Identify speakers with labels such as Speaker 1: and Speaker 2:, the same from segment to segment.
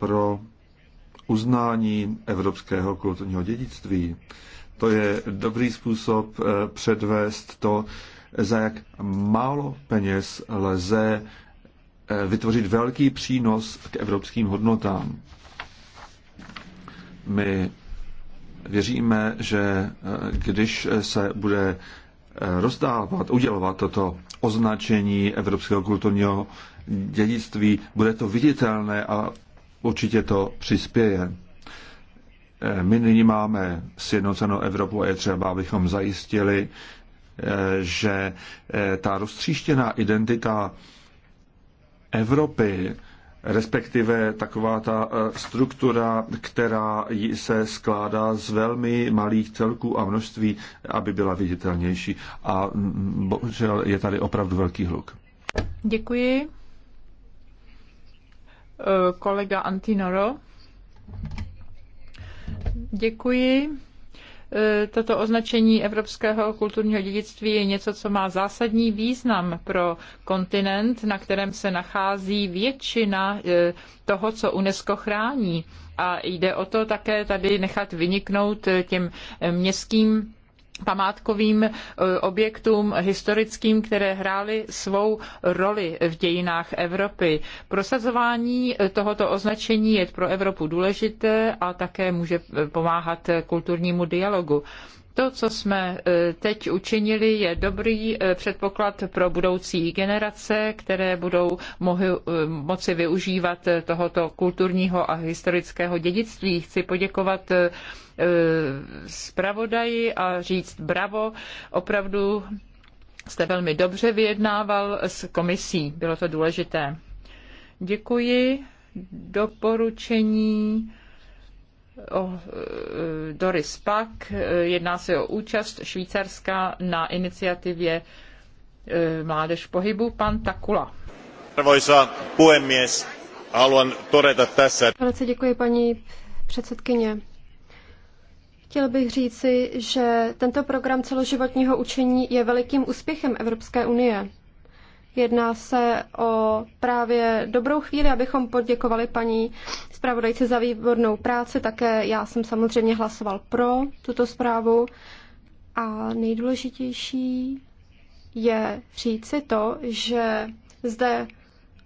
Speaker 1: pro uznání evropského kulturního dědictví. To je dobrý způsob eh, předvést to, za jak málo peněz lze eh, vytvořit velký přínos k evropským hodnotám. My věříme, že eh, když se bude rozdávat, udělovat toto označení evropského kulturního dědictví, bude to viditelné a určitě to přispěje. Eh, my nyní máme sjednocenou Evropu a je třeba, abychom zajistili, eh, že eh, ta roztříštěná identita Evropy, respektive taková ta struktura, která se skládá z velmi malých celků a množství, aby byla viditelnější. A mm, bohužel je tady opravdu velký hluk.
Speaker 2: Děkuji. Eh, kolega Antinoro. Děkuji. Eh, toto označení evropského kulturního dědictví je něco, co má zásadní význam pro kontinent, na kterém se nachází většina eh, toho, co UNESCO chrání. A jde o to také tady nechat vyniknout těm městským památkovým eh, objektům historickým, které hrály svou roli v dějinách Evropy. Prosazování eh, tohoto označení je pro Evropu důležité a také může eh, pomáhat kulturnímu dialogu. To, co jsme e, teď učinili, je dobrý e, předpoklad pro budoucí generace, které budou e, moci využívat tohoto kulturního a historického dědictví. Chci poděkovat zpravodaji a říct bravo, opravdu jste velmi dobře vyjednával s komisí, bylo to důležité. Děkuji. Doporučení o e, Doris Pak. E, jedná se o účast Švýcarska na iniciativě e, Mládež
Speaker 3: v pohybu. Pan Takula.
Speaker 2: Arvoisa puhemies, haluan todeta
Speaker 3: tässä. Velice děkuji paní předsedkyně. Chtěl bych říci, že tento program celoživotního učení je velikým úspěchem Evropské unie. Jedná se o právě dobrou chvíli, abychom poděkovali paní zpravodajce za výbornou práci. Také já jsem samozřejmě hlasoval pro tuto zprávu. A nejdůležitější je říci to, že zde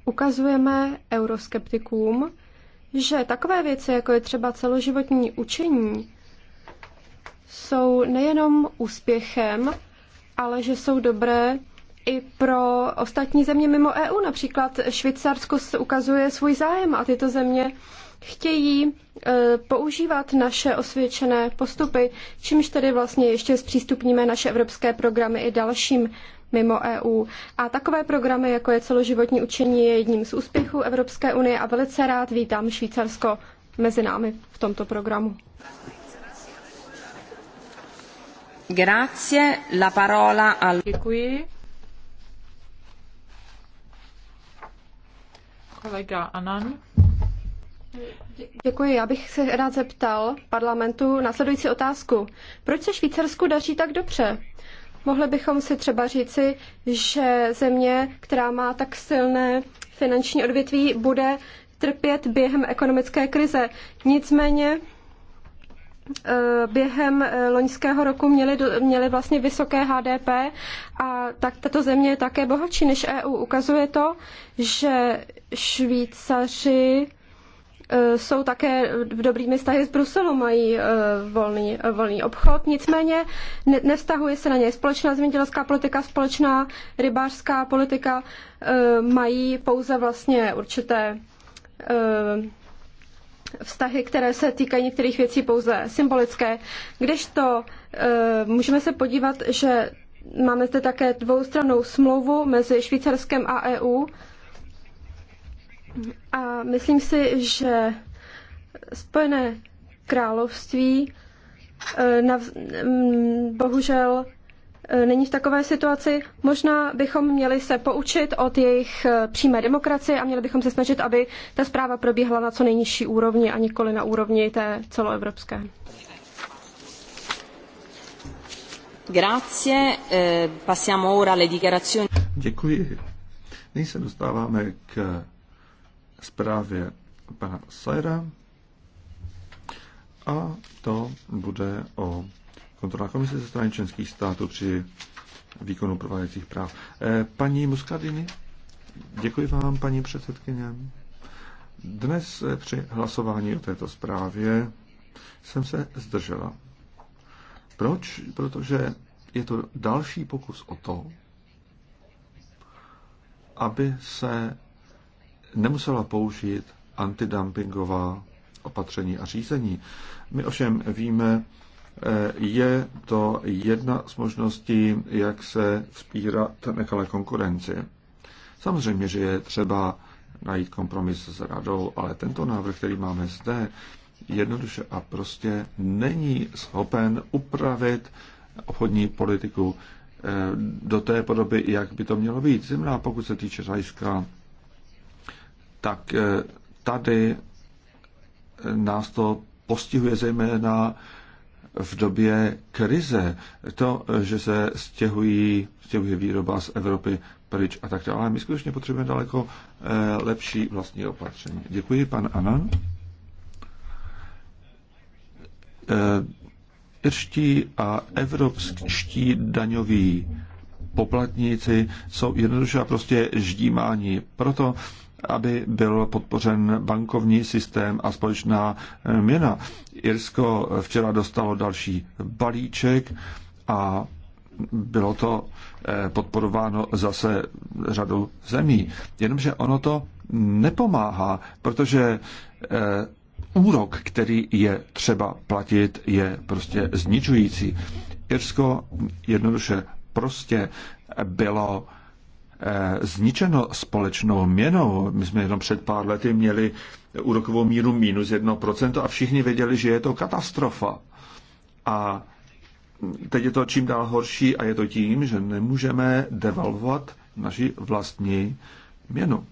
Speaker 3: ukazujeme euroskeptikům, že takové věci, jako je třeba celoživotní učení, jsou nejenom úspěchem, ale že jsou dobré i pro ostatní země mimo EU. Například Švýcarsko ukazuje svůj zájem a tyto země chtějí e, používat naše osvědčené postupy, čímž tedy vlastně ještě zpřístupníme naše evropské programy i dalším mimo EU. A takové programy, jako je celoživotní učení, je jedním z úspěchů Evropské unie a velice rád vítám Švýcarsko mezi námi v tomto programu.
Speaker 2: Grazie, la parola al... Děkuji. Kolega Anan.
Speaker 3: Děkuji. Já bych se rád zeptal parlamentu následující otázku. Proč se Švýcarsku daří tak dobře? Mohli bychom si třeba říci, že země, která má tak silné finanční odvětví, bude trpět během ekonomické krize. Nicméně Eh, během eh, loňského roku měly, měly vlastně vysoké HDP a tak tato země je také bohatší než EU. Ukazuje to, že Švýcaři eh, jsou také v dobrými vztahy s Bruselu, mají volný, volný obchod, nicméně nevztahuje se na něj společná zemědělská politika, společná rybářská politika, mají pouze vlastně určité vztahy, které se týkají některých věcí pouze symbolické. Kdežto eh, můžeme se podívat, že máme zde také dvoustrannou smlouvu mezi Švýcarskem a EU. A myslím si, že Spojené království eh, bohužel E, není v takové situaci. Možná bychom měli se poučit od jejich e, přímé demokracie a měli bychom se snažit, aby ta zpráva probíhala na co nejnižší úrovni a nikoli na úrovni té celoevropské. Grazie. E, passiamo ora alle dichiarazioni.
Speaker 1: Děkuji. Nyní se dostáváme k zprávě pana Sajra a to bude o kontrolná komise ze strany členských států při výkonu prováděcích práv. Eh, paní Muscadini, děkuji vám, paní předsedkyně. Dnes eh, při hlasování o této zprávě jsem se zdržela. Proč? Protože je to další pokus o to, aby se nemusela použít antidumpingová opatření a řízení. My ovšem víme, Eh, je to jedna z možností, jak se vzpírat nekalé konkurenci. Samozřejmě, že je třeba najít kompromis s radou, ale tento návrh, který máme zde, jednoduše a prostě není schopen upravit obchodní politiku eh, do té podoby, jak by to mělo být. Zimná, pokud se týče Řajska, tak eh, tady nás to postihuje zejména v době krize, to, že se stěhují, stěhuje výroba z Evropy pryč a tak dále. My skutečně potřebujeme daleko eh, lepší vlastní opatření. Děkuji, pan Anan. Eh, irští a evropští daňoví poplatníci jsou jednoduše prostě ždímání. Proto aby byl podpořen bankovní systém a společná eh, měna. Irsko včera dostalo další balíček a bylo to eh, podporováno zase řadou zemí. Jenomže ono to nepomáhá, protože eh, úrok, který je třeba platit, je prostě zničující. Irsko jednoduše prostě bylo Eh, zničeno společnou měnou. My jsme jenom před pár lety měli úrokovou míru minus 1% a všichni věděli, že je to katastrofa. A teď je to čím dál horší a je to tím, že nemůžeme devalvovat naši vlastní měnu.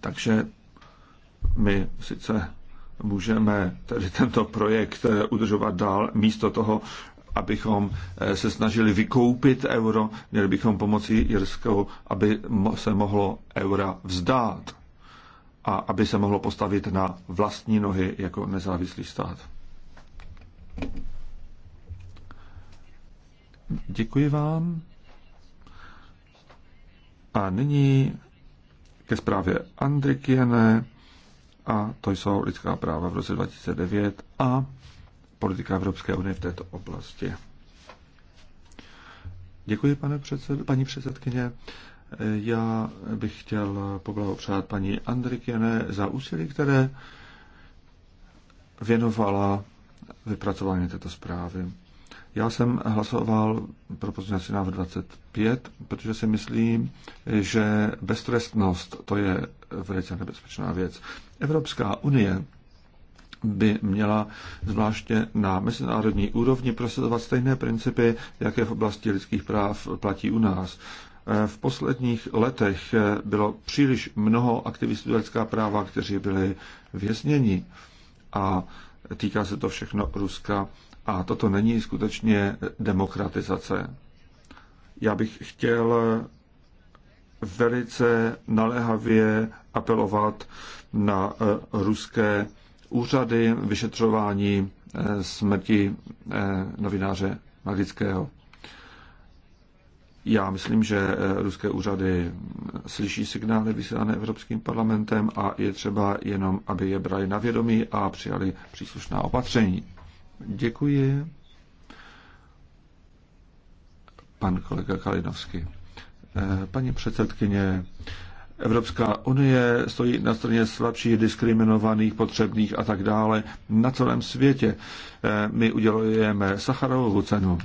Speaker 1: Takže my sice můžeme tedy tento projekt eh, udržovat dál, místo toho abychom eh, se snažili vykoupit euro, měli bychom pomoci Jirskou, aby se mohlo eura vzdát a aby se mohlo postavit na vlastní nohy jako nezávislý stát. Děkuji vám. A nyní ke zprávě Andrikiene a to jsou lidská práva v roce 2009 a politika Evropské unie v této oblasti. Děkuji, pane předsed, paní předsedkyně. Já bych chtěl poblahopřát paní Andrikiene za úsilí, které věnovala vypracování této zprávy. Já jsem hlasoval pro pozměňovací návrh 25, protože si myslím, že beztrestnost to je velice nebezpečná věc. Evropská unie by měla zvláště na mezinárodní úrovni prosazovat stejné principy, jaké v oblasti lidských práv platí u nás. V posledních letech bylo příliš mnoho aktivistů lidská práva, kteří byli vězněni. A týká se to všechno Ruska. A toto není skutečně demokratizace. Já bych chtěl velice naléhavě apelovat na eh, ruské úřady vyšetřování eh, smrti eh, novináře Magického. Já myslím, že eh, ruské úřady slyší signály vysílané Evropským parlamentem a je třeba jenom, aby je brali na vědomí a přijali příslušná opatření. Děkuji. Pan kolega Kalinovský. Paní předsedkyně, Evropská unie stojí na straně slabších, diskriminovaných, potřebných a tak dále na celém světě. Eh, my udělujeme sacharovou cenu.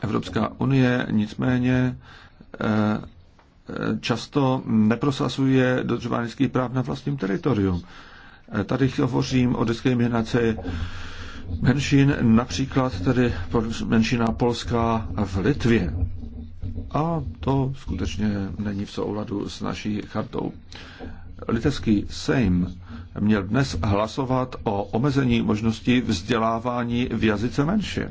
Speaker 1: Evropská unie nicméně eh, eh, často neprosazuje dodržování lidských práv na vlastním teritoriu. Tady hovořím o diskriminaci menšin, například tedy menšina Polska v Litvě. A to skutečně není v souladu s naší chartou. Litevský Sejm měl dnes hlasovat o omezení možností vzdělávání v jazyce menšin.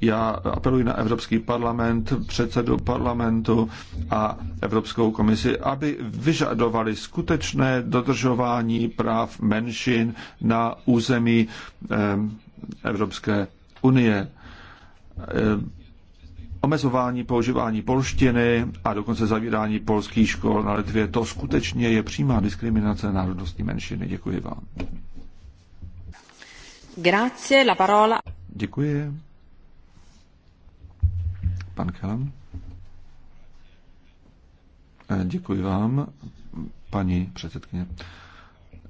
Speaker 1: Já apeluji na Evropský parlament, předsedu parlamentu a Evropskou komisi, aby vyžadovali skutečné dodržování práv menšin na území eh, Evropské unie eh, Omezování používání polštiny a dokonce zavírání polských škol na Litvě, to skutečně je přímá diskriminace národnostní menšiny. Děkuji vám.
Speaker 2: Grazie, la parola.
Speaker 1: Děkuji. Pan Kelem. Eh, děkuji vám, paní předsedkyně.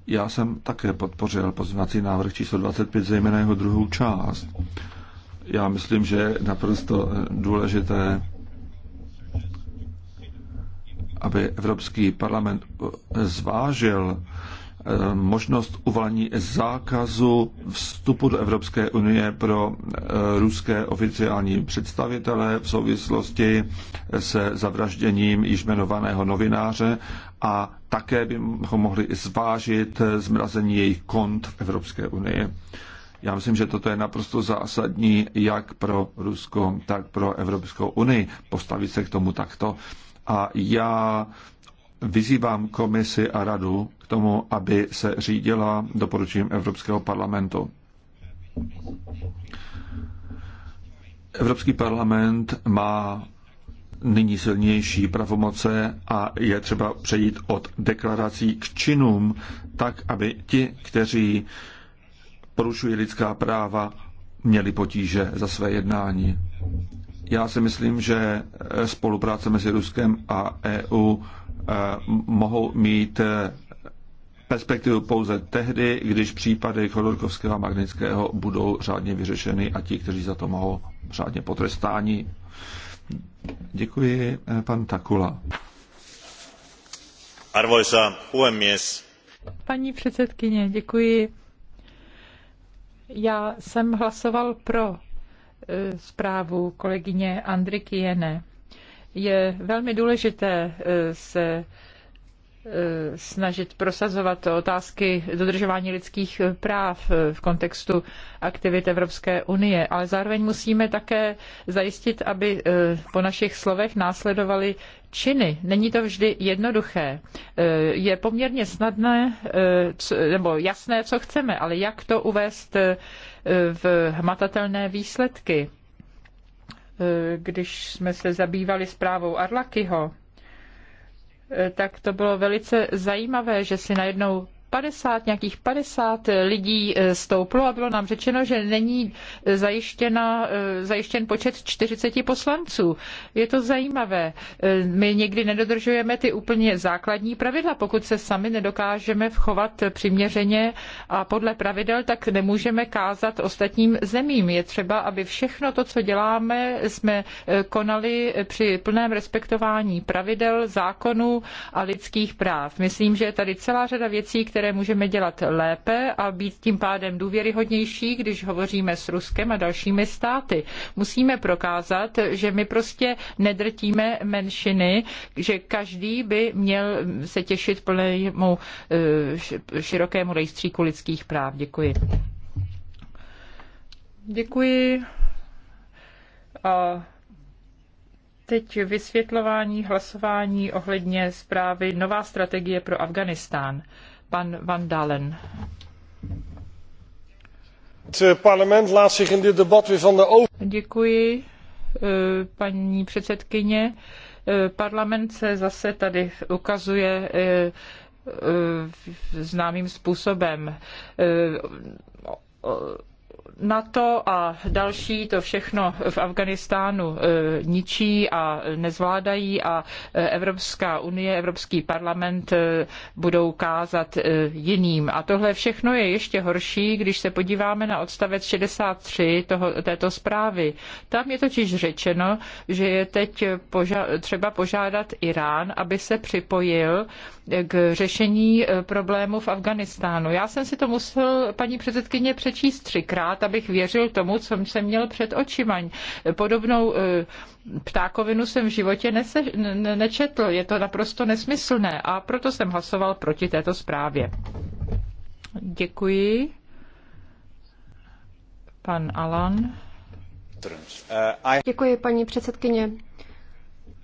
Speaker 1: Já jsem také podpořil pozvací návrh číslo 25, zejména jeho druhou část já myslím, že je naprosto eh, důležité, aby Evropský parlament eh, zvážil eh, možnost uvalení zákazu vstupu do Evropské unie pro ruské oficiální představitele v souvislosti se zavražděním již jmenovaného novináře a také bychom mohli zvážit zmrazení jejich kont v Evropské unii. Já myslím, že toto je naprosto zásadní jak pro Rusko, tak pro Evropskou unii. Postavit se k tomu takto. A já vyzývám komisi a radu k tomu, aby se řídila doporučením Evropského parlamentu. Evropský parlament má nyní silnější pravomoce a je třeba přejít od deklarací k činům, tak aby ti, kteří porušují lidská práva, měli potíže za své jednání. Já si myslím, že eh, spolupráce mezi Ruskem a EU eh, mohou mít eh, perspektivu pouze tehdy, když případy Chodorkovského a Magnického budou řádně vyřešeny a ti, kteří za to mohou řádně potrestáni. Děkuji, pan Takula. Arvoisa puhemies.
Speaker 2: Paní předsedkyně, děkuji. Já jsem hlasoval pro e, zprávu kolegyně Andriky Jene. Je velmi důležité e, se e, snažit prosazovat otázky dodržování lidských práv v kontextu aktivit Evropské unie, ale zároveň musíme také zajistit, aby po našich slovech následovaly činy. Není to vždy jednoduché. Eh, je poměrně snadné, eh, nebo jasné, co chceme, ale jak to uvést eh, v hmatatelné výsledky. Když jsme se zabývali zprávou Arlakyho, tak to bylo velice zajímavé, že si najednou 50, nějakých 50 lidí e, stouplo a bylo nám řečeno, že není e, zajištěna, e, zajištěn počet 40 poslanců. Je to zajímavé. My někdy nedodržujeme ty úplně základní pravidla. Pokud se sami nedokážeme vchovat přiměřeně a podle pravidel, tak nemůžeme kázat ostatním zemím. Je třeba, aby všechno to, co děláme, jsme konali při plném respektování pravidel, zákonů a lidských práv. Myslím, že je tady celá řada věcí, které které můžeme dělat lépe a být tím pádem důvěryhodnější, když hovoříme s Ruskem a dalšími státy. Musíme prokázat, že my prostě nedrtíme menšiny, že každý by měl se těšit plnému eh, širokému rejstříku lidských práv. Děkuji. Děkuji. A teď vysvětlování hlasování ohledně zprávy Nová strategie pro Afganistán pan Van
Speaker 1: Dalen. Děkuji,
Speaker 2: paní předsedkyně. Eh, parlament se zase tady ukazuje eh, eh, známým způsobem NATO a další to všechno v Afghánistánu e, ničí a nezvládají a e, Evropská unie, Evropský parlament e, budou kázat jiným. A tohle všechno je ještě horší, když se podíváme na odstavec 63 toho, této zprávy. Tam je totiž řečeno, že je teď poža- třeba požádat Irán, aby se připojil k řešení problému v Afghánistánu. Já jsem si to musel, paní předsedkyně, přečíst třikrát, abych věřil tomu, co jsem měl před očima. Podobnou eh, ptákovinu jsem v životě nese, nečetl. Je to naprosto nesmyslné a proto jsem hlasoval proti této zprávě. Děkuji. Pan Alan.
Speaker 3: Děkuji, paní předsedkyně.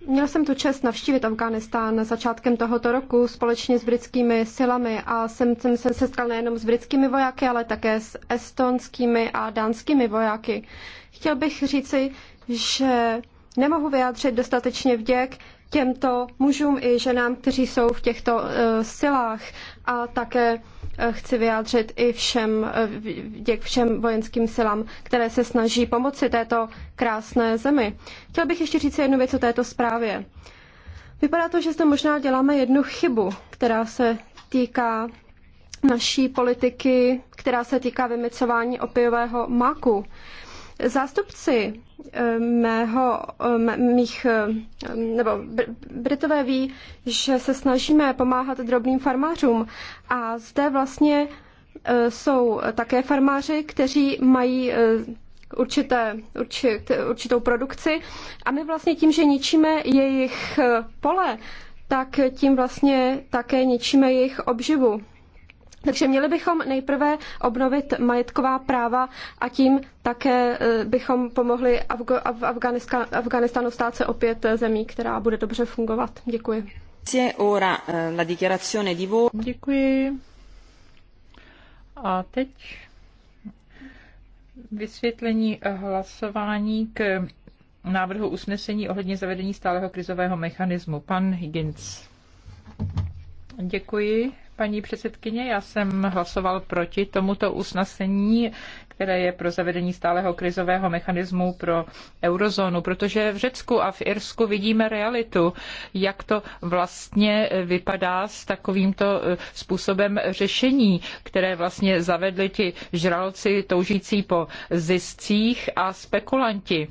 Speaker 3: Měl jsem tu čest navštívit Afghánistán začátkem tohoto roku společně s britskými silami a jsem, jsem se setkal nejenom s britskými vojáky, ale také s estonskými a dánskými vojáky. Chtěl bych říci, že nemohu vyjádřit dostatečně vděk těmto mužům i ženám, kteří jsou v těchto uh, silách a také Eh, chci vyjádřit i všem, eh, děk všem vojenským silám, které se snaží pomoci této krásné zemi. Chtěl bych ještě říct jednu věc o této zprávě. Vypadá to, že zde možná děláme jednu chybu, která se týká naší politiky, která se týká vymycování opiového maku. Zástupci eh, mého, eh, mých, eh, nebo Britové ví, že se snažíme pomáhat drobným farmářům a zde vlastně jsou také farmáři, kteří mají určité, určit, určitou produkci a my vlastně tím, že ničíme jejich pole, tak tím vlastně také ničíme jejich obživu. Takže měli bychom nejprve obnovit majetková práva a tím také eh, bychom pomohli Afga- Afganistanu stát se opět eh, zemí, která bude dobře fungovat. Děkuji.
Speaker 2: Eh, Děkuji. A teď vysvětlení hlasování k návrhu usnesení ohledně zavedení stáleho krizového mechanismu. Pan Higgins. Děkuji, Paní předsedkyně, já jsem hlasoval proti tomuto usnesení, které je pro zavedení stáleho krizového mechanismu pro eurozónu, protože v Řecku a v Irsku vidíme realitu, jak to vlastně vypadá s takovýmto e, způsobem řešení, které vlastně zavedli ti žralci toužící po ziscích a spekulanti.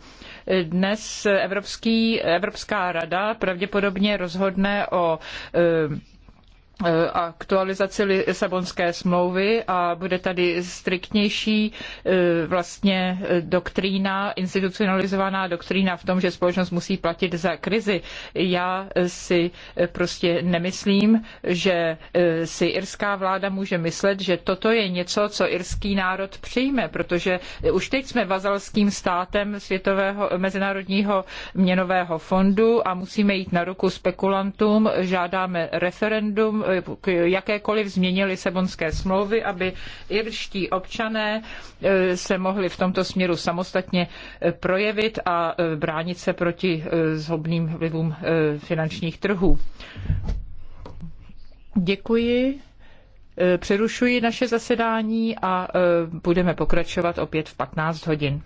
Speaker 2: Dnes Evropský, Evropská rada pravděpodobně rozhodne o e, Eh, aktualizaci Lisabonské smlouvy a bude tady striktnější eh, vlastně eh, doktrína, institucionalizovaná doktrína v tom, že společnost musí platit za krizi. Já si prostě nemyslím, že si irská vláda může myslet, že toto je něco, co irský národ přijme, protože už teď jsme vazalským státem Světového mezinárodního měnového fondu a musíme jít na ruku spekulantům, žádáme referendum, k jakékoliv změně Lisabonské smlouvy, aby irští občané e, se mohli v tomto směru samostatně e, projevit a e, bránit se proti zhobným vlivům finančních trhů. Děkuji. Přerušuji naše zasedání a budeme pokračovat opět v 15 hodin.